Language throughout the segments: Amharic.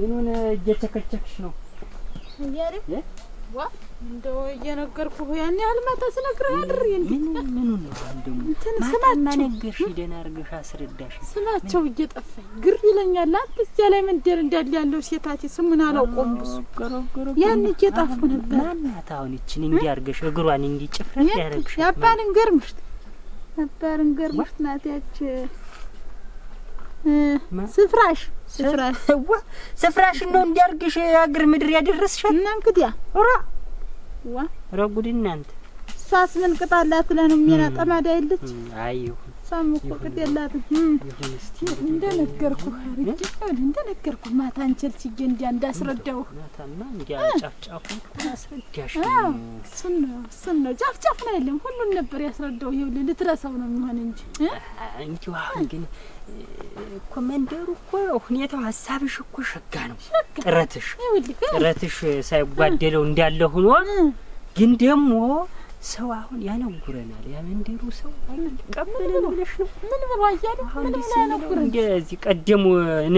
ምኑን እየቸከቸክሽ ነው? እያሪፍ ዋ እንደው እየነገርኩህ ያን ያህል ማታ ስነግርህ አድር እንዴት ነው እንደው እንትን ስማቸው ማነገርሽ ደህና አድርገሽ አስረዳሽ። ስማቸው እየጠፋኝ ግር ይለኛል። አንተ እዚያ ላይ እንዳለ ያለው ሴታቴ ስሙን አላውቀውም። ብዙ ያን ነበር። ማናት አሁን እንዲህ አድርገሽ እግሯን እንዲህ ጭፍረት ያደረግሽ ናት ያች ስፍራሽ ስፍራሽ ነው እንዲያርግሽ አገር ምድር ያደረስሻል። እና እንግዲያ ራ ዋ ረጉድ እናንተ ሳስ ምን ቅጣላት ብለህ ነው የሚና ጠማዳ የለች አይዩ ሳም እኮ ቅጥ የላትም። እንደነገርኩህ እንደነገርኩህ ማታ አንቸልችዬ እንዲያ እንዳስረዳሁህ ማታማ እንዲያ ጫፍጫፉን አስረዳሽ። እሱን ነው እሱን ነው ጫፍጫፉን አይደለም ሁሉን ነበር ያስረዳው ። ይኸውልህ ልትረሳው ነው የሚሆን እንጂ እንዲሁ አሁን ግን ኮመንደሩ እኮ ሁኔታው ሀሳብሽ እኮ ሸጋ ነው። ጥረትሽ ጥረትሽ ሳይጓደለው እንዳለ ሆኖ ግን ደግሞ ሰው አሁን ያነጉረናል። ያ መንደሩ ሰው ቀምን ብለሽ ነው ምን ብሎ አያለ እንደዚህ ቀደሙ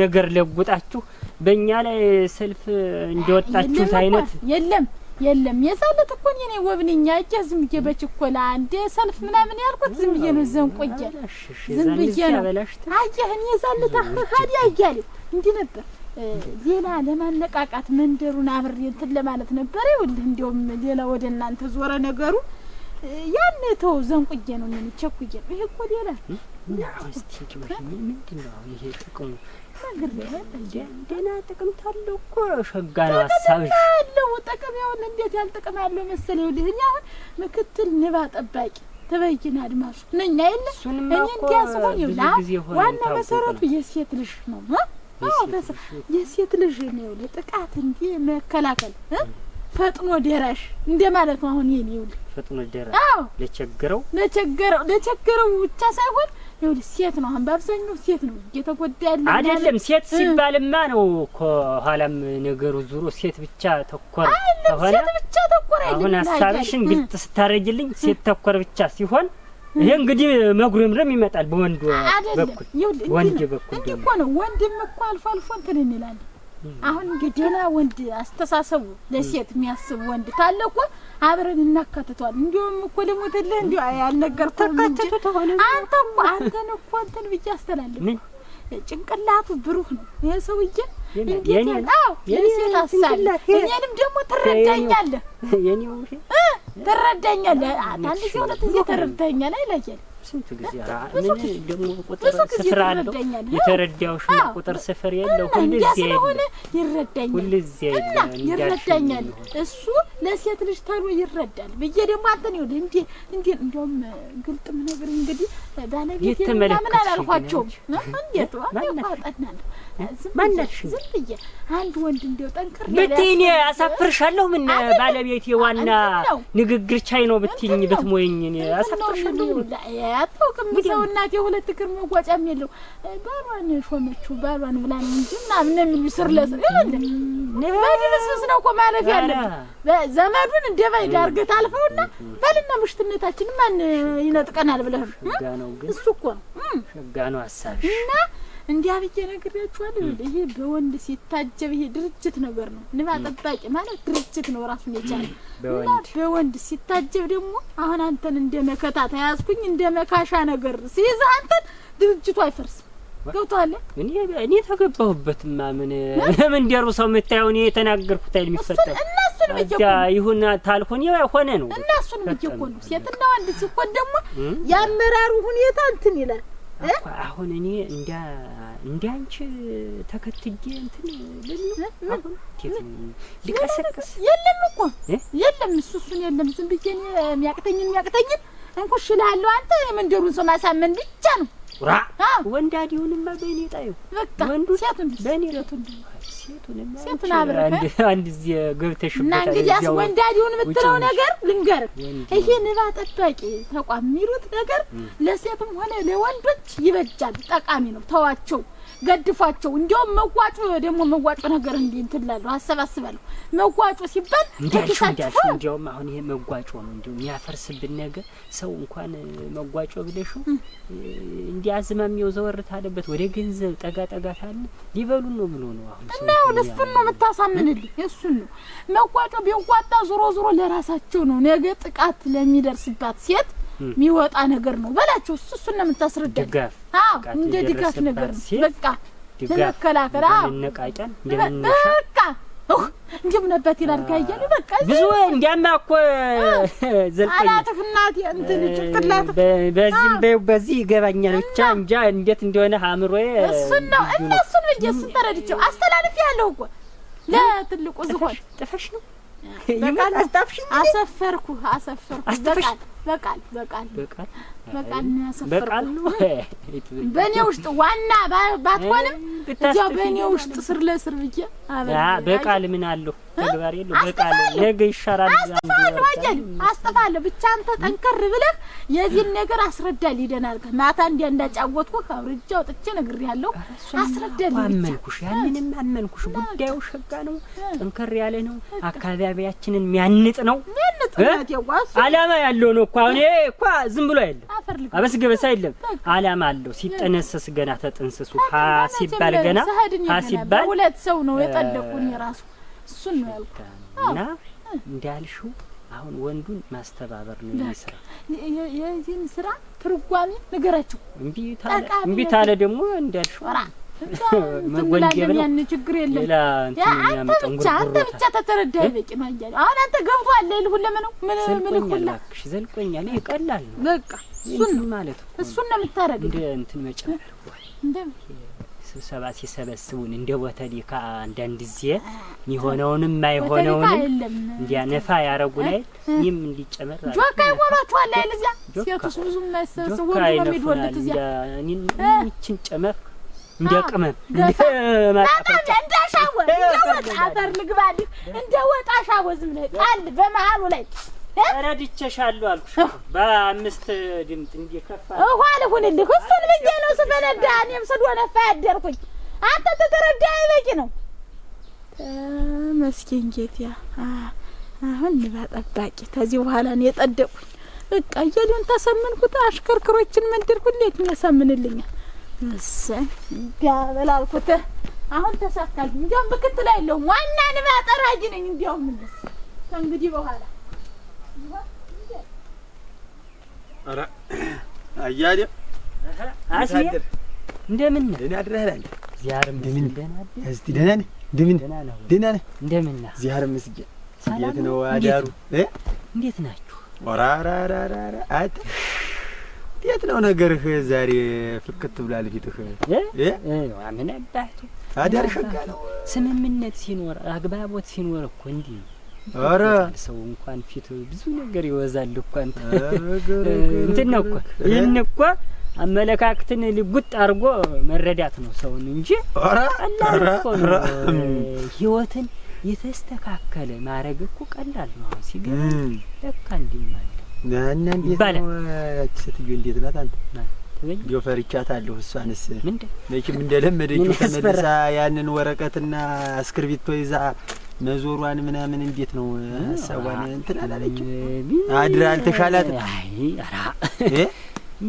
ነገር ለጉጣችሁ በእኛ ላይ ሰልፍ እንደወጣችሁት አይነት የለም የለም የዛን እኮ እኔ ነኝ ወብንኛ እጄ ዝም ብዬ በችኮላ እንደ ሰልፍ ምናምን ያልኩት ዝም ብዬ ነው። ዘንቆየ ዝም ብዬ ነው። አየህ እኔ የዛን ዕለት አያሌ እንዲህ ነበር። ሌላ ለማነቃቃት መንደሩን አብሬ እንትን ለማለት ነበር። ይኸውልህ እንዲያውም ሌላ ወደ እናንተ ዞረ ነገሩ። ያን ተው ዘንቆየ ነው ምን ቸኩዬ ነው ይሄ እኮ ሌላ ደህና ጥቅም ታለው እኮ ሸጋ ነው ሀሳብሽ አለው ጥቅም እንዴት አለው መሰለኝ። ይኸውልህ አሁን ምክትል ንባ ጠባቂ ተበይን አድማሱ ነኛ የለ እኔ እንዲያስሆን ይብላ ዋና መሰረቱ የሴት ልጅ ነው። የሴት ልጅ ነው ጥቃት እንዲ መከላከል ፈጥኖ ደራሽ እንደ ማለት ነው። አሁን ይሄን ፈጥኖ ደራሽ ለቸገረው ለቸገረው ለቸገረው ብቻ ሳይሆን ይኸውልህ ሴት ነው አሁን በአብዛኛው ሴት ነው እየተጎዳ ያለ አይደለም። ሴት ሲባልማ ነው እኮ ኋላም ነገሩ ዙሮ ሴት ብቻ ተኮር ከሆነ ብቻ ተኮር አይደለም። አሁን ሀሳብሽን ግልጥ ስታረጅልኝ ሴት ተኮር ብቻ ሲሆን ይሄ እንግዲህ መጉረምረም ይመጣል በወንድ በኩል ወንድ በኩል እኮ ነው። ወንድም እኮ አልፎ አልፎ እንትን እንላለን አሁን ግዴና ወንድ አስተሳሰቡ ለሴት የሚያስብ ወንድ ካለ እኮ አብረን እናካትቷል። እንዲሁም እኮ ልሙትልህ እንዲ ያልነገርኩህም ተሆነ አንተ እኮ አንተን እኮ እንትን ብቻ አስተላልፍ። ጭንቅላቱ ብሩህ ነው ይሄ ሰውዬ። እንዴት ያው የሴት እኔንም ደግሞ ትረዳኛለህ፣ ትረዳኛለህ። አንድ ጊዜ ሁለት ጊዜ ስንት ጊዜ ምን ደግሞ ቁጥር ስፍር አለው የተረዳውሽ ቁጥር ስፍር የለው። ሁልጊዜ ስለሆነ ይረዳኛል፣ ሁልጊዜ ይረዳኛል። እሱ ለሴት ልጅ ተሎ ይረዳል ብዬ ደግሞ አንተን ይኸውልህ እንዲ እንዲ እንዲያውም ግልጥም ነገር እንግዲህ ባለቤት ምናምን አላልኳቸውም። እንዴት ጠናለሁ ማናልሽ? ዝም ብዬ አንድ ወንድ እንደው ጠንክር ብትይ አሳፍርሻለሁ። ምን ባለቤቴ ዋና ንግግር ቻይ ነው ብትይኝ ብትሞይኝ እኔ አሳፍርሻለሁ። ሰው እናቴ ሁለት እግር መጓጫም የለው ባሏን ሾመችው ባሏን ብላን እንጂ ምናምን የሚሉ ስር ለስር በድብስብስ ነው እኮ ማለፍ ያለብን። ዘመዱን እንደ ባይድ አድርገህ ታልፈውና ባልና ምሽትነታችን ማን ይነጥቀናል ብለህ እሱ እኮ ነው ሸጋ ነው ሀሳብሽ እና እንዲያ አብዬ ነግሬያችኋል። ይሄ በወንድ ሲታጀብ ይሄ ድርጅት ነገር ነው። ንባ ጠባቂ ማለት ድርጅት ነው ራሱን የቻለ እና በወንድ ሲታጀብ ደግሞ አሁን አንተን እንደ መከታ ተያዝኩኝ፣ እንደ መካሻ ነገር ሲይዝ አንተን ድርጅቱ አይፈርስም። ገብቶሃል? እኔ እኔ ተገባሁበት ማምን ለምን እንዲያሩ ሰው የምታየው እኔ የተናገርኩት አይደል የሚፈጠር ይሁን ይሄ ሆነ ነው። እና እሱንም እየኮ ነው ሴትና ወንድ ሲሆን ደግሞ የአመራሩ ሁኔታ እንትን ይላል አሁን እኔ እንደ አንቺ ተከትጌ እንትን ለምን ልቀሰቅስ? የለም እኮ የለም፣ እሱ እሱን የለም። ዝም ብዬ የሚያቅተኝን የሚያቅተኝን እንኩሽ እልሃለሁ። አንተ የመንደሩን ሰው ማሳመን ብቻ ነው። ራ ወንድ አዲሁንማ በኔጣ በቃ ወንዱ ሴቱን በኔ ሴቱን አብረህ አንድ አንድ እዚህ ገብተሽበታል። እና እንግዲያስ ወንድ አዲሁን የምትለው ነገር ልንገር፣ ይሄ ንባ ጠባቂ ተቋም የሚሉት ነገር ለሴቱም ሆነ ለወንዶች ይበጃል፣ ጠቃሚ ነው። ተዋቸው ገድፏቸው እንዲያውም መዋጮ ደግሞ መዋጮ ነገር እንዲህ እንትን እላለሁ አሰባስባለሁ። መዋጮ ሲባል እንዳልሽው እንዲያውም አሁን ይሄ መዋጮ ነው እንዲሁ የሚያፈርስብን ነገር ሰው እንኳን መዋጮ ብለሹ እንዲህ አዝማሚያው ዘወር ታለበት ወደ ገንዘብ ጠጋ ጠጋ ታለ ሊበሉን ነው ብሎ ነው አሁን እና ያው እሱን ነው የምታሳምንልኝ፣ እሱን ነው መዋጮ ቢንቋጣ ዞሮ ዞሮ ለራሳቸው ነው ነገ ጥቃት ለሚደርስባት ሴት የሚወጣ ነገር ነው በላቸው። እሱ እሱን ነው የምታስረዳኝ። እንደ ድጋፍ ነገር ነው። በቃ ለመከላከል በቃ እንዲሁም ይላል ካያሉ በቃ ብዙ እንዲያማ እኮ ዘልቀኛአላትፍ እንትን ጭቅላት በዚህም በዚህ ይገባኛል። ብቻ እንጃ እንዴት እንደሆነ እሱን ነው እና እሱን ብዬ እሱን ተረድቼው አስተላልፍ ያለው እኮ ለትልቁ ዝሆን ጥፈሽ ነው አስጣፍሽ አሰፈርኩ አሰፈርኩ በቃ በቃል በቃል በቃል በቃል ነው ያሰፈርኩት። በእኔ ውስጥ ዋና ባትሆንም እዚያው በእኔ ውስጥ ስር ለስር ብዬ አበላ በቃል ምን ተግባር የለው በቃል ነገ አየል ብቻ አንተ ጠንከር ብለህ የዚህን ነገር አስረዳል ይደናል። ማታ እንዲያ እንዳጫወትኩ አስረዳል። አመንኩሽ፣ ያንንም አመንኩሽ። ጉዳዩ ሸጋ ነው፣ ጠንከር ያለ ነው፣ አካባቢያችንን የሚያንጥ ነው። አላማ ያለው ነው እኮ አሁን ይሄ እኮ ዝም ብሎ አይደለም፣ አበስ ገበስ አይደለም፣ አላማ አለው። ሲጠነሰስ ገና ተጠንስሱ ሲባል ገና ሲባል ሁለት ሰው ነው የጠለቁኝ ራሱ እሱን ነው ያልኩት እና እንዳልሽው አሁን ወንዱን ማስተባበር ነው የሚሰራ። የዚህን ስራ ትርጓሜ ንገራችሁ። እምቢ ታለ ደግሞ እንዳልሽው እንላለን። ያን ችግር የለም። አንተ ብቻ አንተ ብቻ ተተረዳህ በቂ ነው። አሁን አንተ ገብቶሃል። ሁለመነው ምልክ ሁላ ዘልቆኛል። ይሄ ቀላል ነው። በቃ እሱን ማለት እሱን ነው የምታደርገው። እንደ እንትን መጨመር እንደ ስብሰባ ሲሰበስቡን እንደ ቦተሊካ አንዳንድ ጊዜ የሆነውንም አይሆነውንም እንዲያነፋ ያረጉ ላይ ይህም እንዲጨመር ጆካ ይወሏችኋል። አይል እዚያ ሴቶች ብዙም አይሰበሰቡ ሁሉ ነው የሚድወሉት እዚያ እኔን ይችን ጨመር እንደ አፈር ልግባልህ እንደ ብለህ ጣል በመሀሉ ላይ ረድቼሻለሁ አልኩሽ። በአምስት ድምፅ እንዲከፋ ውሃ ልሁንልህ። እሱን ብዬ ነው ስፈነዳ እኔም ስዶነፋ ያደርኩኝ። አንተ ተተረዳኸኝ ነው። ተመስገን አሁን ንባ ጠባቂ በኋላ ነው የጠደቁኝ። በቃ ተሰምንኩት፣ አሽከርክሮችን መንደርኩ። እንዴት የሚያሳምንልኛል እሰይ እንዳበላልኩት አሁን ተሳካልኝ። እንዲያውም ምክትል የለውም ዋና ንባ ጠራጅ ነኝ። እንዲያውም እንስ ከእንግዲህ በኋላ ኧረ አያሌ አሳድር እንደምን ደህና አድረሃል አለ ዚያር ምስጊን ደህና አድር እስቲ ደህና ነህ እንደምን ደህና ነህ እንደምን ዚያር ምስጊን እንዴት ነው አዳሩ እንዴት ናችሁ? ኧረ ኧረ ኧረ ኧረ አት የት ነው ነገርህ? ዛሬ ፍክት ብላል ፊትህ። ምን አባቱ ታዲያ ሸጋ ነው። ስምምነት ሲኖር አግባቦት ሲኖር እኮ እንዲህ አረ ሰው እንኳን ፊት ብዙ ነገር ይወዛል እኮ አንተ እንትን ነው እኮ ይህን እኮ አመለካከትን ልጉጥ አድርጎ መረዳት ነው ሰውን እንጂ ቀላል እኮ ነው ህይወትን የተስተካከለ ማድረግ እኮ ቀላል ነው ሲገባ ለካ እንዲህ ማለት እንዴት ነው ሴትዮ እንዴት ናት? አንተ እንዲያው ፈርቻታለሁ። እሷንስ መቼም እንደለመደችው ተመልሳ ያንን ወረቀትና እስክርቢቶ ይዛ መዞሯን ምናምን እንዴት ነው እንትን አላለችም? አድራ አልተሻላትም?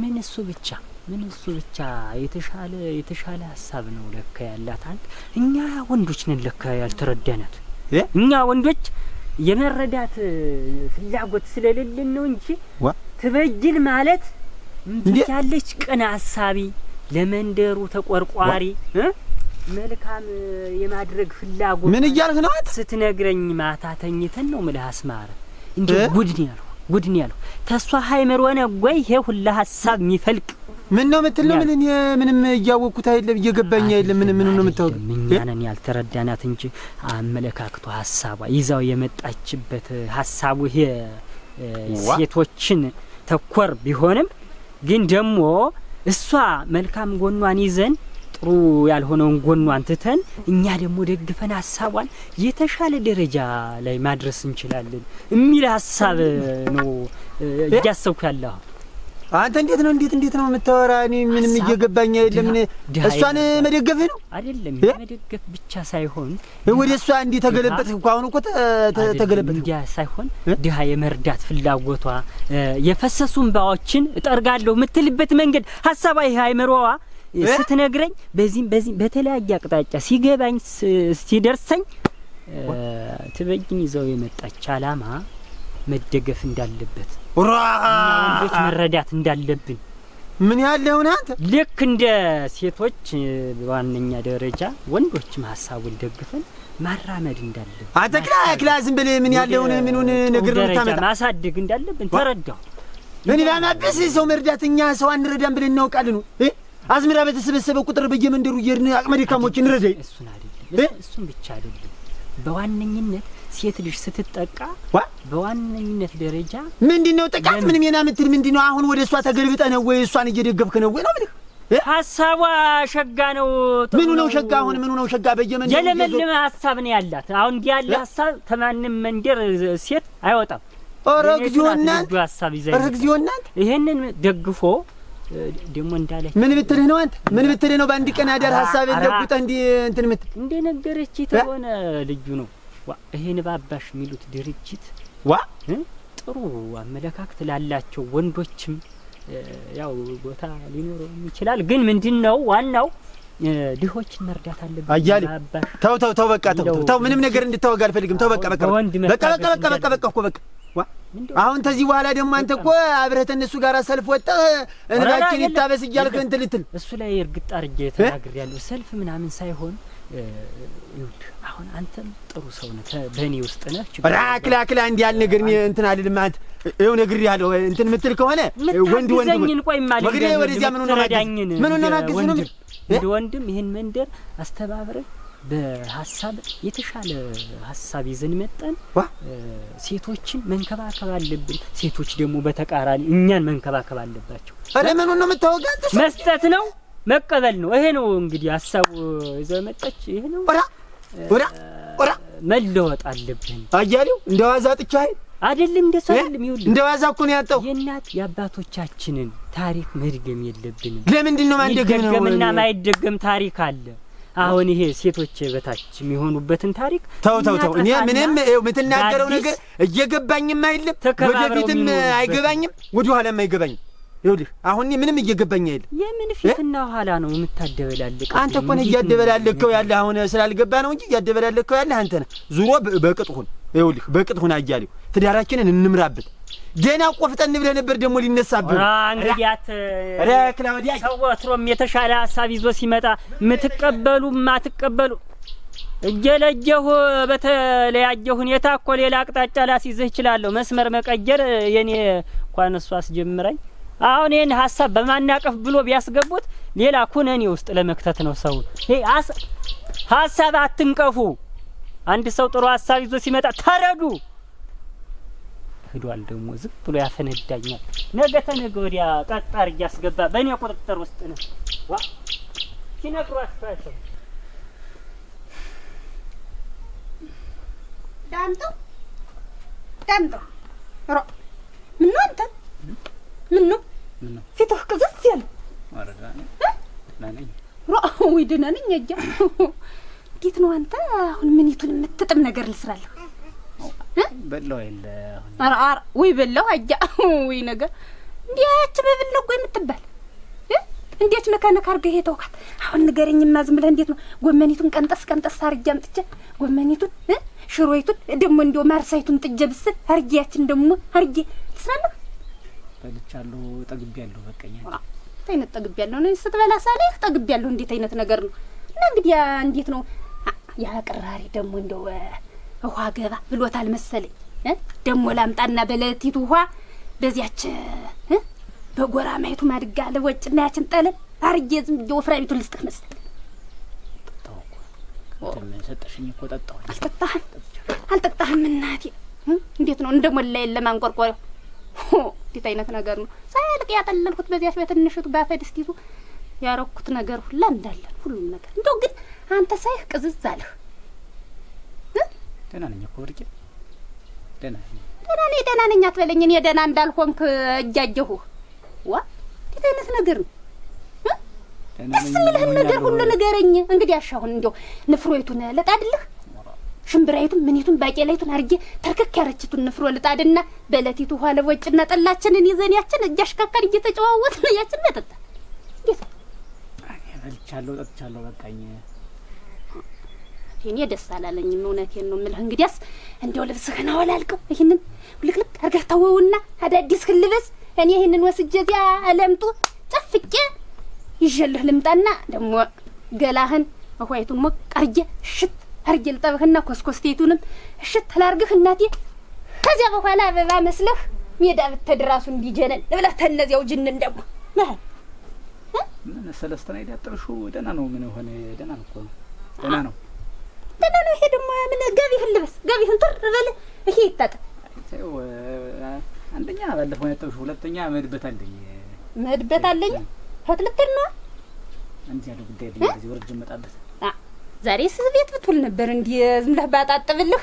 ምን እሱ ብቻ ምን እሱ ብቻ የተሻለ የተሻለ ሀሳብ ነው ለካ ያላት። አንድ እኛ ወንዶች ነን ለካ ያልተረዳናት እኛ ወንዶች የመረዳት ፍላጎት ስለሌለን ነው እንጂ ትበጅል ማለት ያለች ቅን አሳቢ፣ ለመንደሩ ተቆርቋሪ፣ መልካም የማድረግ ፍላጎት። ምን እያልህ ነው አንተ? ስትነግረኝ ማታ ተኝተን ነው ምልህ አስማረ። እንደ ጉድ ነው ያልሁ፣ ጉድ ነው ተሷ ሀይምር ሆነ ጎይ ይሄ ሁላ ሀሳብ የሚፈልቅ ምን ነው የምትለው? ምን እኔ ምንም እያወቅኩት አይደለም፣ እየገባኝ አይደለም። ምን ምን ነው የምታወቅ? እኛንን ያልተረዳናት እንጂ አመለካከቷ፣ ሀሳቧ ይዛው የመጣችበት ሀሳቡ ይሄ ሴቶችን ተኮር ቢሆንም ግን ደግሞ እሷ መልካም ጎኗን ይዘን ጥሩ ያልሆነውን ጎኗን ትተን እኛ ደግሞ ደግፈን ሀሳቧን የተሻለ ደረጃ ላይ ማድረስ እንችላለን የሚል ሀሳብ ነው እያሰብኩ ያለሁ። አንተ እንዴት ነው እንዴት እንዴት ነው የምታወራ? እኔ ምንም እየገባኝ አይደለም። እሷን መደገፍህ ነው አይደለም? መደገፍ ብቻ ሳይሆን ወደ እሷ እንዲህ ተገለበጥህ እኮ አሁን እኮ ተገለበጥህ። እንዲያ ሳይሆን ድሀ የመርዳት ፍላጎቷ የፈሰሱ እንባዎችን እጠርጋለሁ የምትልበት መንገድ ሀሳባ ይህ አይመሮዋ ስትነግረኝ በዚህም በዚህም በተለያየ አቅጣጫ ሲገባኝ ሲደርሰኝ ትበይን ይዘው የመጣች አላማ መደገፍ እንዳለበት ወንዶች መረዳት እንዳለብን ምን ያለ ሆነ አንተ ልክ እንደ ሴቶች በዋነኛ ደረጃ ወንዶችም ሀሳቡን ደግፈን ማራመድ እንዳለብን አንተ ክላ ክላ ዝም ብለህ ምን ያለ ሆነ ምኑን ነገር ነው ታመጣ ማሳደግ እንዳለብን ተረዳሁ። እኔ ባናብስ ሰው መርዳትኛ ሰው አንረዳም ብለን እናውቃለን። አዝምራ በተሰበሰበ ቁጥር በየመንደሩ እየሄድን አቅመ ደካሞችን እንረዳይ። እሱን አይደለም እሱን ብቻ አይደለም በዋነኝነት ሴት ልጅ ስትጠቃ በዋነኝነት ደረጃ ምንድን ነው ጥቃት? ምንም የና ምትል ምንድን ነው? አሁን ወደ እሷ ተገልብጠ ነው ወይ እሷን እየደገፍክ ነው ወይ ነው ምልህ ሀሳቧ ሸጋ ነው። ምኑ ነው ሸጋ? አሁን ምኑ ነው ሸጋ? በየመን የለመልም ሀሳብ ነው ያላት። አሁን እንዲህ ያለ ሀሳብ ከማንም መንደር ሴት አይወጣም። ኧረ እግዚኦ እናንተ! ኧረ እግዚኦ ደግፎ ደግሞ እንዳለ ምን ብትልህ ነው አንተ? ምን ብትልህ ነው? በአንድ ቀን አዳር ሀሳብ የለውጥ እንዲህ እንትን ምትል እንደ ነገረች የተሆነ ልጁ ነው ይሄን ባባሽ የሚሉት ድርጅት ዋ ጥሩ አመለካከት ላላቸው ወንዶችም ያው ቦታ ሊኖረው ይችላል። ግን ምንድን ነው ዋናው ድሆችን መርዳት አለብን። አያሌ ተው ተው ተው፣ በቃ ተው ተው፣ ምንም ነገር እንድታወጋ አልፈልግም። ተው በቃ በቃ በቃ በቃ በቃ በቃ በቃ አሁን ተዚህ በኋላ ደግሞ አንተ እኮ አብረህ ተነሱ ጋር ሰልፍ ወጣህ እንባችን ይታበስ እያልክ እንትን ልትል እሱ ላይ እርግጥ አድርጌ ያለሁ ሰልፍ ምናምን ሳይሆን ይሁድ አሁን አንተም ጥሩ ሰው ነህ፣ በእኔ ውስጥ ነህ። አክላ አክላ እንዲህ ያህል ነገር እንትን አልልም። አንተ ይኸው ነግሬሃለሁ። እንትን የምትል ከሆነ ወንድ ወንድ ቆይ ማለት ወደዚያ ምን ነው ማግዝ ምኑን ነው ማግዝ ነው ወንድም ይህን መንደር አስተባብረህ በሀሳብ የተሻለ ሀሳብ ይዘን መጠን ሴቶችን መንከባከብ አለብን። ሴቶች ደግሞ በተቃራኒ እኛን መንከባከብ አለባቸው። ለምኑ ነው የምታወጋት? መስጠት ነው መቀበል ነው። ይሄ ነው እንግዲህ ሀሳቡ ይዘ መጠች። ይሄ ነው መለወጥ አለብን። አያሌው እንደ ዋዛ ጥቻ አይደለም እንደሱ አይደለም። ይሁን እንደ ዋዛ እኮ ነው ያጣው። የእናት የአባቶቻችንን ታሪክ መድገም የለብንም። ለምንድን ነው ማንደገም ነው? ማይደገምና ማይደገም ታሪክ አለ አሁን ይሄ ሴቶች በታች የሚሆኑበትን ታሪክ ተው ተው ተው። እኔ ምንም የምትናገረው ነገር እየገባኝም አይደለም፣ ወደፊትም አይገባኝም፣ ወደ ኋላም አይገባኝም። ይኸውልህ አሁን እኔ ምንም እየገባኝ አይደለም። የምን ፊትና ኋላ ነው የምታደበላልቀው? አንተ እኮ ነህ እያደበላለከው ያለህ። አሁን ስላልገባ ነው እንጂ እያደበላለከው ያለህ አንተ ነህ። ዙሮ በቅጥሁን ሁን፣ ይኸውልህ በቅጥ አያሌው። ትዳራችንን እንምራበት ገና ቆፍጠን ብለህ ነበር ደግሞ ሊነሳብህ። እንግዲያት ክላውዲያ ሰው ወትሮም የተሻለ ሀሳብ ይዞ ሲመጣ ምትቀበሉ ማትቀበሉ እጀለጀሁ በተለያየ ሁኔታ እኮ ሌላ አቅጣጫ ላስይዝህ እችላለሁ። መስመር መቀየር የኔ እንኳን እሱ አስጀምረኝ። አሁን ይህን ሀሳብ በማናቀፍ ብሎ ቢያስገቡት ሌላ ኩነኔ ውስጥ ለመክተት ነው ሰው። ሀሳብ አትንቀፉ። አንድ ሰው ጥሩ ሀሳብ ይዞ ሲመጣ ተረዱ። ሂዷል። ደግሞ ዝም ብሎ ያፈነዳኛል። ነገ ተነገ ወዲያ ጠጣር እያስገባ በእኔ ቁጥጥር ውስጥ ነው። ዋ ሲነግሩ አስፋቸው ዳምጦ ዳምጦ ሮ ምነው አንተ ምነው ፊትህ ቅዝፍ ያለ ሮ ወይ ደህና ነኝ። እጃ እንዴት ነው አንተ? አሁን ምኒቱን የምትጥም ነገር ልስራለሁ በላው የለ ኧረ ኧረ ወይ በላው አጃ ወይ ነገር እንዲህ ያቺ በብል የምትባል እንዴት ነካ ነካ አድርገህ የተውካት አሁን ንገረኝ ዝም ብለህ እንዴት ነው ጎመኒቱን ቀንጠስ ቀንጠስ አድርጌ አምጥቼ ጎመኒቱን ሽሮይቱን ደግሞ እንዲያው ማርሳይቱን ጥጄ ብስል አድርጌ ያችን ደግሞ አድርጌ ትስራለህ በልቻለሁ ጠግቤያለሁ በቀኛ አይነት ጠግቤያለሁ ነው ስትበላ ሳለህ ጠግቤያለሁ እንዴት አይነት ነገር ነው እና እንግዲህ እንዴት ነው ያ ቅራሪ ደግሞ እንደው ውሃ ገባ ብሎታል መሰለኝ። ደሞ ላምጣና በለቲቱ ውሃ በዚያች በጎራ ማየቱ ማድጋ ወጭና ያችን ጠለ አርጌ ዝም ብዬ ወፍራ ቤቱ ልስጥህ መሰለኝ። ሰጠሽኝ እኮ ጠጣሁ። አልጠጣህም አልጠጣህም። እናቴ እንዴት ነው እንደ ሞላ የለም እንዴት አይነት ነገር ነው! ሳያልቅ ያጠለልኩት በዚያች በትንሽቱ ባፈድስቲቱ ያረኩት ነገር ሁላ እንዳለን ሁሉም ነገር እንደው ግን አንተ ሳይህ ቅዝዝ አለህ። ደህና ነኝ እኮ ወድቄ ደህና ነኝ ደህና ነኝ ደህና ነኝ አትበለኝ። እኔ ደህና እንዳልሆንክ እጃጀሁህ ዋ እንዴት አይነት ነገር ነው? ደስ የሚልህን ነገር ሁሉ ንገረኝ። እንግዲህ አሻሁን እንዲያው ንፍሮይቱን ልጣድልህ፣ ሽምብራይቱን፣ ምኒቱን፣ ባቄላይቱን አድርጌ ተርከክ ያረችቱን ንፍሮ ልጣድና በለቲቱ ኋለ ወጭና ጠላችንን ይዘን ያችን እያሽካካል እየተጨዋወትን ያችን መጠጣ እንዴት በልቻለሁ ጠጥቻለሁ በቃኝ። እኔ ደስ አላለኝም። እውነቴን ነው የምልህ። እንግዲያስ እንደው ልብስህን አወላልቀው ይህንን ውልቅልቅ አድርገህ ተወውና አዳዲስህን ልብስ እኔ ይህንን ወስጄ እዚያ ለምጡ ጨፍቄ ይዤልህ ልምጣና ደግሞ ገላህን ሆይቱን ሞቅ አርጌ እሽት አርጌ ልጠብህና ኮስኮስቴቱንም እሽት ላርግህ እናቴ። ከዚያ በኋላ አበባ መስለህ ሜዳ ብትሄድ እራሱ እንዲጀነን ብለህ ተነዚያው ጅንን ደግሞ ምን ሰለስተና ሄዳ ጥርሹ ደህና ነው። ምን ሆነ? ደህና ነው እኮ ደህና ነው ምንድን ነው ይሄ ደግሞ? ምን ገቢህን ልበስ፣ ገቢህን ትር በልህ። ይሄ ይታጠብ። አንደኛ ባለፈው ያጠብሽው፣ ሁለተኛ መድበት አለኝ፣ መድበት አለኝ። ፈት ልትል ነዋ። እንዲህ ያለው ጉዳይ አለኝ። በዚህ ወርጄ እመጣበት። ዛሬ ስዝ ቤት ብትውል ነበር። እንዲህ ዝም ብለህ ባጣጥብልህ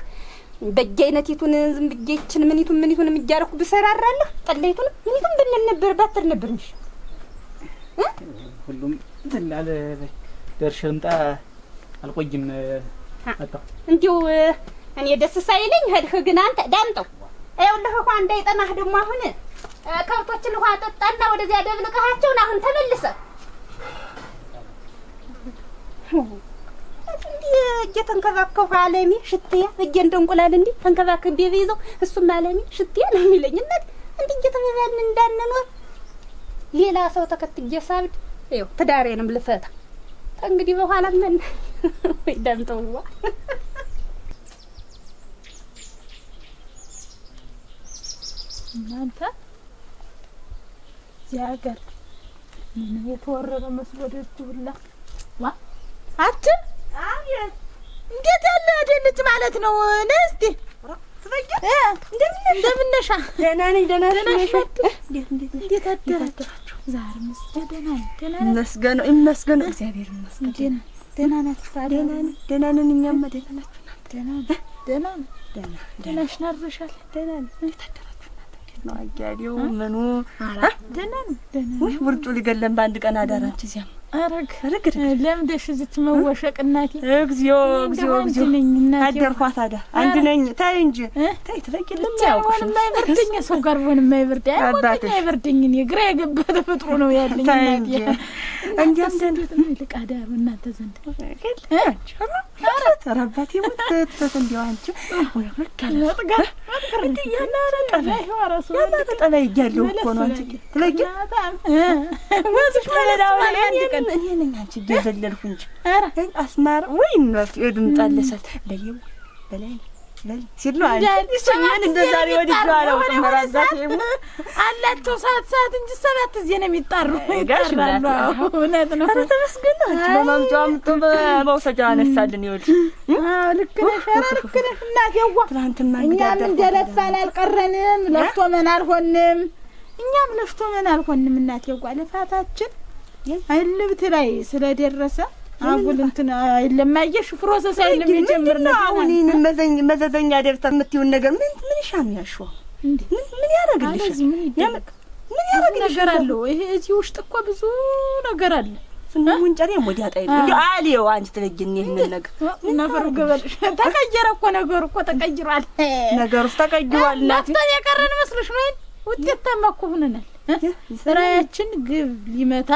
በጌ አይነቲቱን ዝም ብጌችን ምኒቱን ምኒቱን እያደረኩ ብሰራራለህ ጠለይቱንም ምኒቱን ብንል ነበር፣ ባትር ነበር ምሽ ሁሉም ትናለ ደርሼ እምጣ አልቆይም። እንዲሁ እኔ ደስ ሳይለኝ ሄድህ። ግን አንተ ዳምጠው ይኸውልህ፣ ውሃ እንዳይጠማህ ደግሞ አሁን ከብቶችን ውሃ ጠጣና ወደዚያ ደብልቀሃቸውን አሁን ተመልሰህ እንዲህ እየተንከባከብኩ አለሚ ሽትያ እጄ እንደ እንዲህ ተንከባከብ ብይዘው እሱም አለሚ ሽትያ ነው የሚለኝ። እናት እንዲህ እየተበባልን እንዳንኖር ሌላ ሰው ተከትዬ ሳብድ ይኸው ትዳሬንም ልፈታ ከእንግዲህ በኋላ ምን ወይ ዳልጠዋ እናንተ እዚህ ሀገር ምን የተወረረ መስሎ ደጅ ሁላ ዋ አችን እንዴት ያለ ድንች ማለት ነው ነስቲ እንደምን ነሽ? ደህና ነኝ። ደህና ነሽ? እንዴት አደራችሁ? ዛሬ መስገን ይመስገን እግዚአብሔር ይመስገን ደህና ናችሁ? ደህና ነን፣ ደህና ነን። እኛማ ደህና ናችሁ? ደህና ደህና ደህና ደህና ሽናርበሻል? ደህና ነን። እንዴት አደራችሁ ነው አያሌው ምኑ? ደህና ነን፣ ውይ ውርጩ ሊገለን በአንድ ቀን አዳራች እዚያም ለምደሽ እዚች መወሸቅ እናቴ፣ እግዚኦ እግዚኦ እግዚኦ አደርኳት። ታዲያ አንድ ነኝ። ተይ እንጂ ተይ፣ ትፈቂልም ያውቅሽ የማይበርደኝ ሰው ጋር ብሆን የማይበርደኝ አባቴ አይበርደኝ። እኔ ግራ የገባ ተፈጥሮ ነው ያለኝ እናቴ። እንዲያም ዘንድ ልቃ ዳሩ እናንተ ዘንድ ኧረ አባቴ ሙትበት አንቺ ወይ ጋር እያለሁ እኮ ነው አንቺ ትለጊ ወዝሽ መለዳውን አንድ ቀን ገን እኔ ነኝ አንቺ እየዘለልኩ እንጂ አስማር ወይ በላይ ሲል ነው አንቺ እንደ ዛሬ ወዲህ ያለው ተመራዛት አላቸው ሰዓት ሰዓት እንጂ ሰባት ነው የሚጣሩ ይጣራሉ። እውነት ነው። ተመስገን አንቺ በመውሰጃ አነሳልን። ይወድ አዎ ልክ ነሽ። ኧረ ልክ ነሽ ትናንትና እኛም እንደለፋን አልቀረንም። ለፍቶ መን አልሆንም። እኛም ለፍቶ መን አልሆንም ልፋታችን ልብት ላይ ስለደረሰ አጉል እንትን አይለም። አየሽ ፕሮሰስ አይለም የጀምር ነው። አሁን መዘዘኛ ደብተር የምትይውን ነገር ምን ምን ሻም ያሽዋ ምን ምን ያረግልሽ? ምን ያረግልሽ ነገር ይሄ እዚህ ውስጥ እኮ ብዙ ነገር አለ። ስንሙንጨሬ ወዲያ ጣይ ወዲያ አሊዮ አንቺ ትለጅኝ ይሄንን ነገር ነበር ገበልሽ ተቀየረ እኮ ነገሩ እኮ ተቀይሯል። ነገሩስ ተቀይሯል። ናፍታን የቀረን መስልሽ ነው። ውጤታማ እኮ ሆነናል። ስራያችን ግብ ሊመታ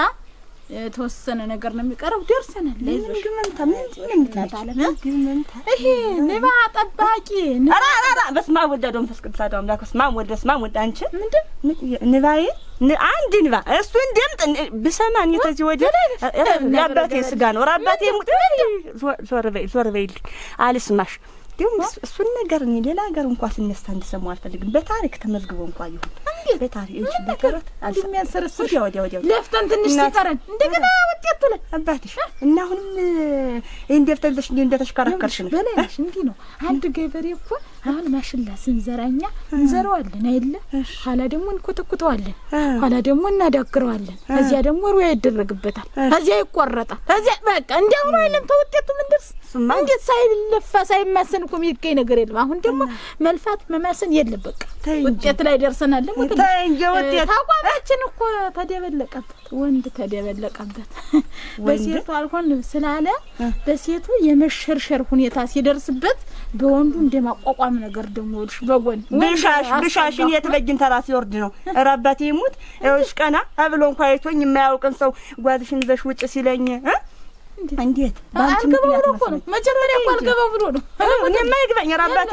የተወሰነ ነገር ነው የሚቀረው። ደርሰናል። ግመንታ ምን ይሄ ሌባ ጠባቂ በስመ አብ ወልድ መንፈስ ቅዱስ አሐዱ አምላክ በስመ አብ ወልድ በስመ አብ ወልድ አንቺ ንባዬ አንድ ንባ እሱን ድምፅ ብሰማን የተዚህ ወደ የአባቴ ስጋ ነው። ራባቴ አባቴ ሙት ዞር በይ ዞር በይልኝ፣ አልስማሽ እንዲሁም እሱን ነገር እኔ ሌላ ሀገር እንኳ ስነሳ እንድሰማው አልፈልግም። በታሪክ ተመዝግቦ እንኳ ይሁን ለፍተን ትንሽ ሲቀረን እንደገና ውጤቱ ላይ አባትሽ እና አሁንም እንደፍተሽ እንደተሽከረከርሽ ነው በላይሽ። እንዲህ ነው አንድ ገበሬ እኮ አሁን ማሽላ ስንዘራኛ እንዘረዋለን አይደለ? ኋላ ደግሞ እንኮተኩተዋለን፣ ኋላ ደግሞ እናዳግረዋለን። ከዚያ ደግሞ ሩያ ይደረግበታል፣ ከዚያ ይቆረጣል። ከዚያ በቃ እንዲህ አሁኑ አይለም ተውጤቱ ምን ደርስ እንዴት ሳይለፋ ሳይማሰን እኮ የሚገኝ ነገር የለም። አሁን ደግሞ መልፋት መማሰን የለም። በቃ ውጤት ላይ ደርሰናል ደግሞ አቋማችን እኮ ተደበለቀበት፣ ወንድ ተደበለቀበት። በሴቱ አልሆንም ስላለ በሴቱ የመሸርሸር ሁኔታ ሲደርስበት በወንዱ እንደማቋቋም ነገር ደግሞ ልሽ በጎን ብሻሽ ብሻሽን የትበጅን ተራ ሲወርድ ነው። ኧረ አባቴ ይሙት ቀና ብሎ እንኳ አይቶኝ የማያውቅን ሰው ጓዝሽን ዘሽ ውጭ ሲለኝ እንዴት አልገባ ብሎ እኮ ነው። መጀመሪያ እኮ አልገባ ብሎ ነው። እኔማ ይግባኝ አባቴ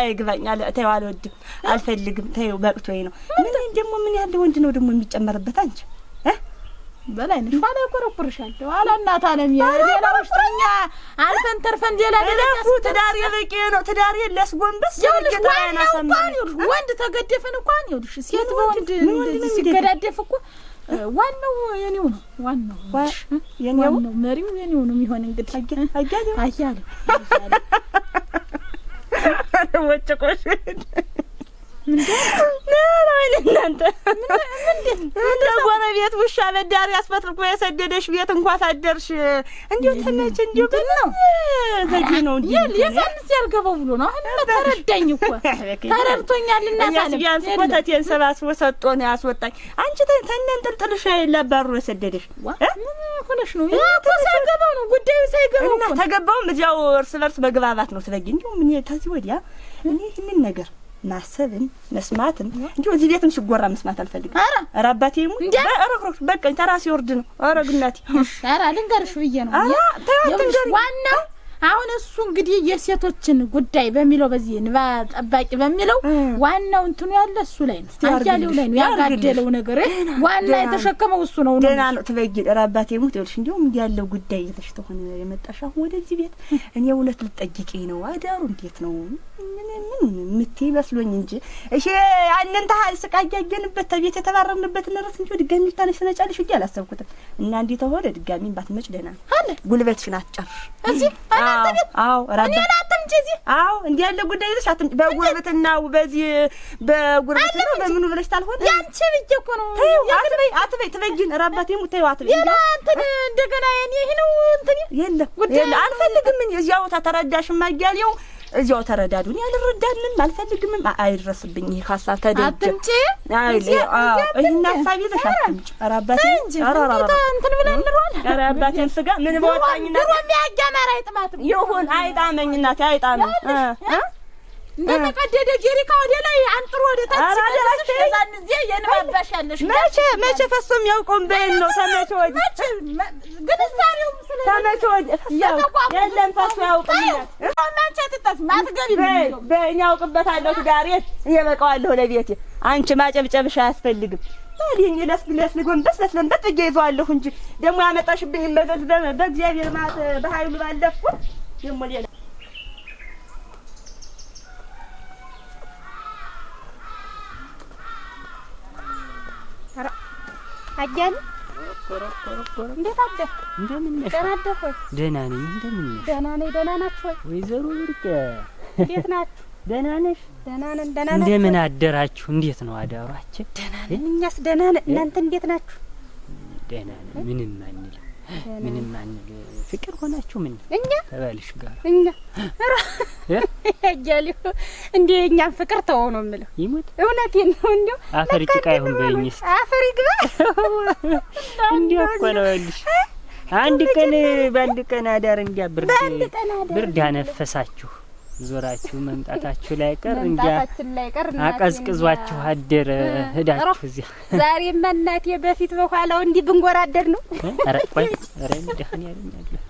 አይግባኝ ተይው፣ አልወድም፣ አልፈልግም፣ ተይው በቅቶኝ ነው። ምን ደግሞ ምን ያለ ወንድ ነው ደግሞ የሚጨመርበት አንቺ በላይ ነሽ ኋላ እኮረኩርሻለሁ አለ እናት አለም ሌላ አልፈን ተርፈን ሌላ ደለፉ ትዳር የበቂ ነው። ትዳር የለስ ጎንበስ ይልሽ ወንድ ተገደፈን እንኳን ይልሽ ሴት በወንድ ሲገዳደፍ እኮ ዋናው የኔው ነው። ዋናው የኔው ነው። መሪው የኔው ነው የሚሆን እንግዲህ አያሌው አያሌው ወጭቆሽ ምን ቤት ውሻ በዳሪ አስፈትልኮ የሰደደሽ ቤት እንኳ እንዲሁ ተመች እንዲሁ ነው ነው ያልገባው ብሎ ነው። አሁን ተረዳኝ እኮ ተረድቶኛል። ቢያንስ ሰባስቦ ሰጦ ነው ያስወጣኝ። አንቺ ተነን ጥልጥልሽ የሰደደሽ ሆነሽ ነው ሳይገባው ነው ጉዳዩ ሳይገባው እና ተገባውም እዚያው እርስ በርስ መግባባት ነው ስለዚህ እንዲሁ ምን ተዚህ ወዲያ እኔ ይህንን ነገር ማሰብን መስማትን እንዲሁ እዚህ ቤትም ሲጎራ መስማት አልፈልግም። ኧረ ኧረ አባቴ ይሙ እንዴ በቃኝ ተራሴ ወርድ ነው። ኧረ ግናቴ ኧረ ልንገርሽ ብዬ ነው። ኧረ ተይው አትንገሪኝ ዋናው አሁን እሱ እንግዲህ የሴቶችን ጉዳይ በሚለው በዚህ እንባ ጠባቂ በሚለው ዋናው እንትኑ ያለ እሱ ላይ ነው፣ አያሌው ላይ ነው ያጋደለው ነገር ዋና የተሸከመው እሱ ነው። ደህና ነው ትበጊ ራባት የሙት ሙት እንዲሁም እንዲያውም ያለው ጉዳይ ይዘሽ ተሆነ የመጣሽ አሁን ወደዚህ ቤት እኔ እውነት ልጠይቅኝ ነው። አዳሩ እንዴት ነው ምን የምትይ መስሎኝ እንጂ እሺ፣ አንንተ ታህል ስቃይ ያየንበት ተቤት የተባረርንበት ነረስ እንጂ ድጋሚ ልታነሽ ትመጫለሽ እንጂ አላሰብኩትም። እና እንዲህ ተሆነ ድጋሚ ባትመጭ ደህና አለ። ጉልበትሽን አትጨርሽ እዚህ እንዲህ ያለ ጉዳይ ይዘሽ አትም በጉርብትና በዚህ በጉርብት ነው በምኑ ብለሽ ታልሆነ ያንቺ ብዬሽ እኮ ነው። አትበይ አትበይ፣ ትበይን ራባት አባቴ ተይው፣ አትበይ። እንደገና የለም አልፈልግም እዚያው ማጊያል እያለሁ እዚያው ተረዳዱን። ያልረዳንም አልፈልግምም፣ አይድረስብኝ። ይህ ሀሳብ ተደጀ ይሁን አይጣመኝ፣ እናቴ አይጣመኝ እንደተቀደደ ጀሪካ ወደ ላይ አንጥሮ ወደ ታች መቼ መቼ ፈሶም ያውቀውም በይን ነው። ተመቼ ወዲህ ግንዛቤውም ስለ ተመቼ የለም ፈሶ ያውቅም። ማንቻ ትጠፍ ማትገቢ ለቤቴ። አንቺ ማጨብጨብሽ አያስፈልግም። ባሌኝ ለስልጎን ለስ ለስለንበት ብዬ ይዘዋለሁ እንጂ ደግሞ ያመጣሽብኝ በእግዚአብሔር ማት በኃይሉ ባለፍኩ ደግሞ ሌላ አያሌ እንዴት አደርክ? እንደምን ነሽ? ደህና ደህና ነኝ። እንደምን ነሽ? ደህና ነኝ። ደህና ናችሁ ወይዘሮ እንዴት ናችሁ? ደህና ነሽ? ደህና ነን። ደህና እንደምን አደራችሁ? እንዴት ነው አዳሯችን? ደህና ነን። እኛስ ደህና ነን። እናንተ እንዴት ናችሁ? ደህና ነን። ምንም አንልም። ምንም አንል ፍቅር ሆናችሁ ምን እኛ ተባልሽ ጋር እኛ ፍቅር ተው ነው የምለው። ይሙት ነው። እንዲ አፈር ጭቃ ይሁን አፈር ይግባ። እኮ ነው ያልሽ። አንድ ቀን በአንድ ቀን አዳር እንዲያ ብርድ ብርድ ያነፈሳችሁ ዞራችሁ መምጣታችሁ ላይቀር እንጃ አቀዝቅዟችሁ አደረ። ህዳችሁ እዚያ ዛሬ መናቴ በፊት በኋላው እንዲህ ብንጎራደር ነው። ኧረ ቆይ ኧረ እንደህን ያለኛለ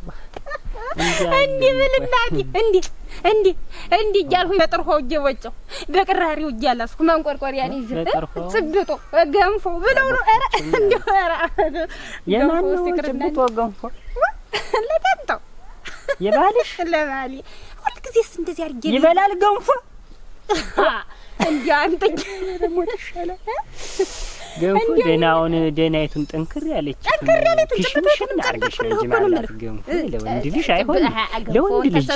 እንዲህ እናቴ እንዲህ እንዲህ እንዲህ እያልሁ በጥርሆ በጥርሆው እየወጨው በቅራሪው እያላስኩ ማንቆርቆሪያ ነው ይዘ ጽብጦ ገንፎ ብለው ነው። ኧረ እንዲሁ ኧረ የማን ነው ጽብጦ ገንፎ ለጠጣው የባልሽ ለባሌ ሁልጊዜስ እንደዚህ አድርጌ ይበላል ገንፎ እንዲያ አንጠኝ ደግሞ ይሻላል። ገንፎ ደህናውን ደህናይቱን ጥንክር ያለች ኪሽሚሽን አርገሽ ነው እንጂ ማለት ገንፎ ለወንድ ልጅ አይሆን። ለወንድ ልጅ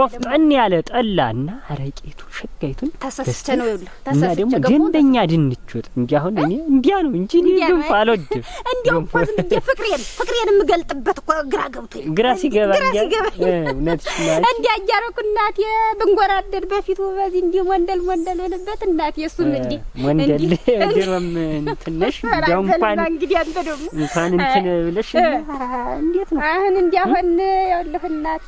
ቆፍጠን ያለ ጠላና አረቄቱን ሸጋይቱን ተሰስቸ ነው ይሉ እና ደግሞ ደንበኛ ድንች ወጥ እንጂ አሁን እኔ እንዲያ ነው እንጂ እኔ ገንፎ አልወድም። ፍቅሬን ፍቅሬን የምገልጥበት እኮ ግራ ግራ ሲገባ ግራ ሲገባ እውነት እንዲያ እያረኩ እናቴ ብንጎራደድ በፊቱ በዚህ እንዲህ ወንደል ወንደል ልበት እናቴ እሱም እንዲህ ወንደል ድሮም ትንሽ እንዲያው እንኳን እንግዲህ አንተ ደግሞ እንኳን እንትን ብለሽ እንዴት ነው አሁን እንዲያሆን ያለሁ እናቴ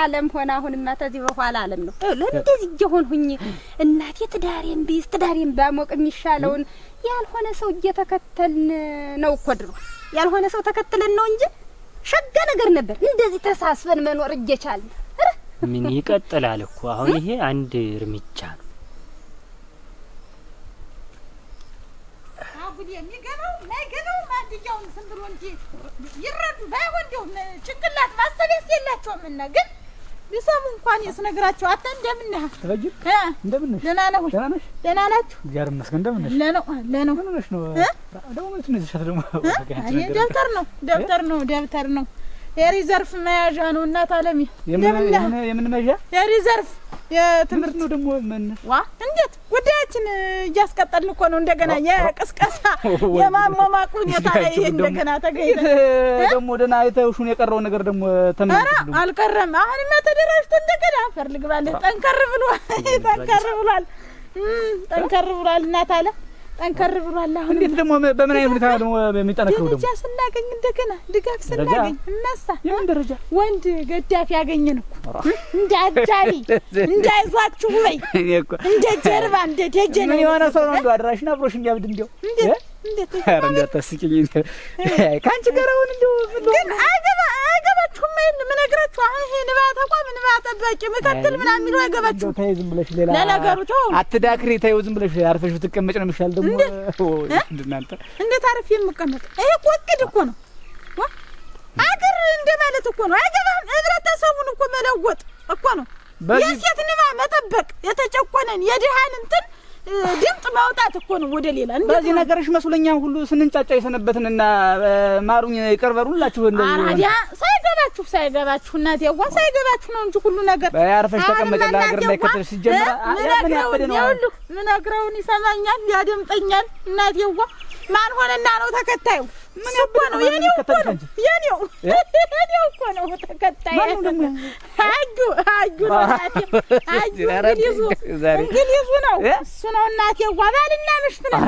አለም ሆነ አሁንማ ተዚህ በኋላ አለም ነው እንደዚህ እየሆንሁኝ እናቴ ትዳሬን ቢይዝ ትዳሬን ባሞቅ የሚሻለውን ያልሆነ ሰው እየተከተልን ነው እኮ ድሮ ያልሆነ ሰው ተከትለን ነው እንጂ ሸጋ ነገር ነበር እንደዚህ ተሳስበን መኖር እየቻልን ምን ይቀጥላል እኮ አሁን ይሄ አንድ እርምጃ ጉድ የሚገባው የማይገባው ማድያውን ዝም ብሎ እንጂ ይረዱ ባይሆን እንዲሁ ጭንቅላት ማሰቢያስ የላቸውም። እና ግን ቢሰሙ እንኳን የስነግራቸው አታ እንደምን ትበጅል እንደምን ነሽ? ደህና ነህ? ደህና ናችሁ? እግዚአብሔር ይመስገን። እንደምን ነሽ? ለነው ለነው ምን ሆነሽ ነው ደግሞ? ምንድን ነው ደግሞ? ደብተር ነው ደብተር ነው ደብተር ነው የሪዘርፍ መያዣ ነው። እናት አለሚ የምን መያ የሪዘርፍ የትምህርት ነው ደግሞ ምን ዋ እንዴት ጉዳያችን እያስቀጠልን እኮ ነው። እንደገና የቅስቀሳ የማሟሟቅ ሁኔታ ላይ እንደገና ተገኝተ ደግሞ ደህና አይተውሹን የቀረውን ነገር ደግሞ ተመረ አልቀረም። አሁንማ ተደራጅቶ እንደገና ፈር ልግባለህ። ጠንከር ብሏል፣ ጠንከር ብሏል፣ ጠንከር ብሏል እናት አለ ጠንከር ብሏል። አሁን እንዴት ደግሞ በምን አይነት ሁኔታ ደግሞ የሚጠነክሩ? ደግሞ ደረጃ ስናገኝ እንደገና ድጋፍ ስናገኝ እናሳ ምን ደረጃ ወንድ ገዳፊ ያገኘን እኮ እንደ አዳሪ እንዳይዟችሁ በይ እንደ ጀርባ እንደ ደጀን የሆነ ሰው ነው እንደው አድራሽና አብሮሽ እንዲያብድ እንዲያው እንዳታስቂኝ ከአንቺ ጋር አሁን እንደው ግን አይገባችሁም። ይሄን የምነግራችሁ ይሄ ንባ ተቋም ንባ ጠባቂ ምክትል ምናምን የሚለው አይገባችሁም። ተይው ዝም ብለሽ ሌላ ለነገሩ ተው አትዳክሪ። ተይው ዝም ብለሽ አርፈሽ ብትቀመጭ ነው የሚሻል። ደግሞ እናንተ እንዴት አርፌ የምቀመጥ? ይሄ እኮ እቅድ እኮ ነው፣ አገር እንደ ማለት እኮ ነው። አይገባም። ህብረተሰቡን እኮ መለወጥ እኮ ነው የሴት ንባ መጠበቅ የተጨቆነን የድሃን እንትን ድምፅ ማውጣት እኮ ነው ወደ ሌላ እንዴ? በዚህ ነገርሽ መስሎኛል። ሁሉ ስንንጫጫ የሰነበትንና ማሩኝ ይቀርበሩላችሁ ታዲያ ሳይገባችሁ ሳይገባችሁ እናት ያዋ ሳይገባችሁ ነው እንጂ ሁሉ ነገር አርፈሽ ተቀመጭ። ለሀገር ከተር ሲጀምር ምን ያበደ ነው ያውሉ ምን ምነግረውን ይሰማኛል፣ ያደምጠኛል እናት ያዋ ማን ሆነና ነው ተከታዩ? ምን እኮ ነው የኔው እኮ ነው የኔው የኔው እኮ ነው ተከታዩ። አጁ አጁ እንግሊዙ ነው እሱ ነው እናቴ። ባልና ምሽት ነው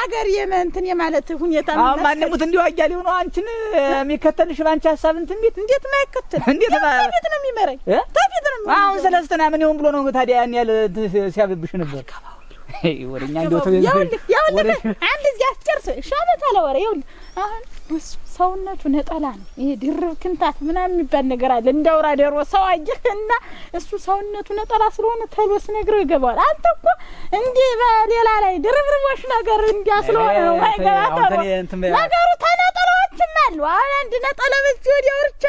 አገር የመንትን የማለት ሁኔታ ነው። አሁን እንዲሁ አያሌ ሆኖ አንቺን የሚከተልሽ ባንቺ ሀሳብ እንትን ቤት እንዴት ማይከተል እንዴት ተፊት ነው የሚመረኝ ተፊት ነው። አሁን ስለስተና ምን ይሁን ብሎ ነው ታዲያ ያን ያለ ሲያብብሽ ነበር ወደኛ እንደው አንድ እዚህ አስጨርሶ ሻመት አለ ወሬ ይኸውልህ፣ አሁን ሰውነቱ ነጠላ ነው። ይሄ ድርብ ክንታት ምናምን የሚባል ነገር አለ። እንዳውራ ደሮ ሰው አየህ እና እሱ ሰውነቱ ነጠላ ስለሆነ ተሎ ስነግረው ይገባዋል። አንተ እኮ እንዲህ በሌላ ላይ ድርብርቦሽ ነገር እንዲያ ስለሆነ ነው ማይገባ ነገሩ። ተነጠላዎችም አሉ። አሁን አንድ ነጠላ በዚህ ወዲያ ወርቼ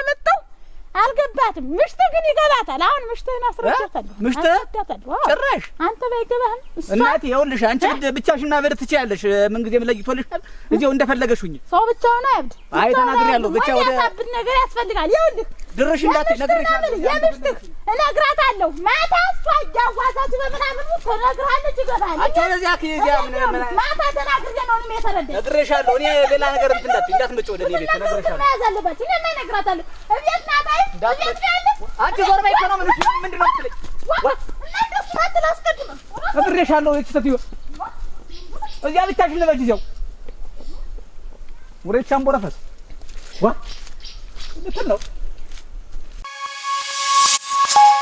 አይገባትም። ምሽትህ ግን ይገባታል። አሁን ምሽትህን አስረዳታለሁ። ምሽትህ ጭራሽ አንተ ባይገባህም እናቴ ይኸውልሽ፣ አንቺ ብቻሽን ማበድ ትችያለሽ። ምን ለይቶልሻል። እዚያው እንደፈለገሽ ሁኚ። ሰው ብቻውን አያብድ። አይ ተናግሬያለሁ። ብቻ ወደ ያሳብድ ነገር ያስፈልጋል። ይኸውልህ ድርሽ እንዳት ነግሬሻለሁ። የምሽትህ እነግራታለሁ። ማታ እሷ እያዋዛች በምናምን ትነግርሃለች። ይገባል። ከዚያ ከዚያ ምን ማታ ተናግሬ ነው እኔም የተረዳኝ። ነግሬሻለሁ። እኔ ሌላ ነገር እንትን እንዳትዪ እንዳትመጪ ወደ እኔ ቤት ነግሬሻለሁ። መያዝ አለባት። እኔማ እነግራታለሁ። እቤት ናት። አይ እቤት ያለ። አንቺ ዞር በይ እኮ ነው የምልሽ። ምንድን ነው የምትለኝ? እናንተ እሱን አትላስቀድምም። ነግሬሻለሁ። ይህች ስትዪው እዚያ ብቻሽን ልበል። ጊዜው ወሬቻም ቦረፈስ ዋ እንትን ነው